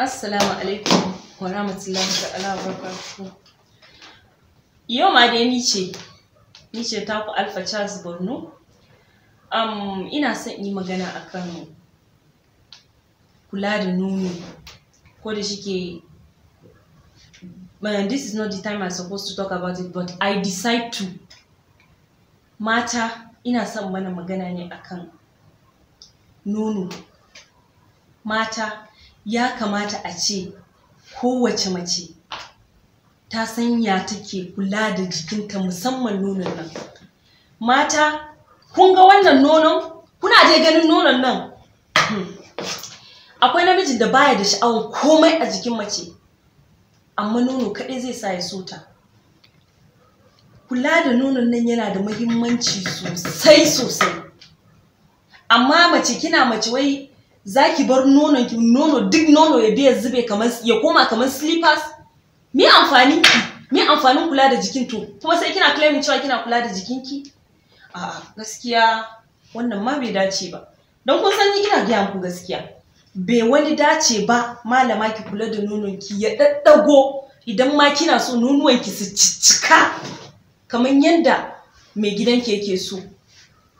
Assalamu alaikum wa rahmatullahi ta'ala wa barakatuhu. Yau ma dai ni ce, ni ce taku Alfa Charles Borno. Um, ina son yi magana akan kula da nuni ko da shike this is not the time I'm supposed to talk about it but I decide to mata ina son mana magana ne akan nono mata ya kamata a ce kowace mace ta san ya take kula da jikinta musamman nonon nan mata kun ga wannan nonon kuna dai ganin nonon nan hmm. akwai namijin da baya da sha'awar komai a jikin mace amma nono kaɗai zai sa ya sota kula da nonon nan yana da mahimmanci sosai sosai amma mace kina mace wai za ki bar nonon ki nono duk nono ya biya zube kamar ya koma kamar slippers me amfanin me amfanin kula da jikin to kuma sai kina claiming cewa kina kula da jikin ki a gaskiya wannan ma bai dace ba don kun san kina gaya muku gaskiya bai wani dace ba malama ki kula da nonon ki ya daddago idan ma kina so nonuwan ki su cicika kamar yadda mai gidanki yake so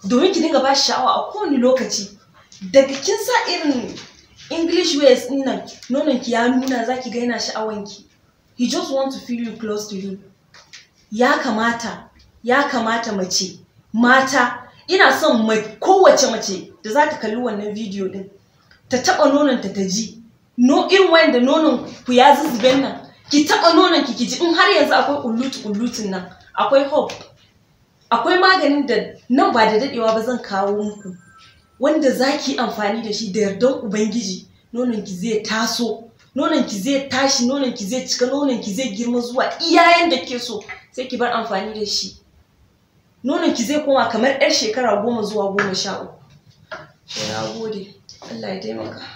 domin ki dinga ba sha'awa a kowane lokaci daga kin sa irin english ways din nan nonon ki ya nuna zaki ga yana sha'awan ki he just want to feel you close to him ya kamata ya kamata mace mata ina son kowace mace da za ta kalli wannan bidiyo din ta taɓa nonon ta ta ji no irin wanda nonon ku ya zuzzuben nan ki taɓa nonon ki ji in har yanzu akwai ullutu ullutun nan akwai hope akwai maganin da nan ba da dadewa ba zan kawo muku wanda za ki amfani da shi da yardan ubangiji nononki zai taso nononki zai tashi nononki zai cika nononki zai girma zuwa iyayen da ke so sai ki bar amfani da shi nononki zai koma kamar 'yar shekara goma zuwa goma sha uku gode allah ya taimaka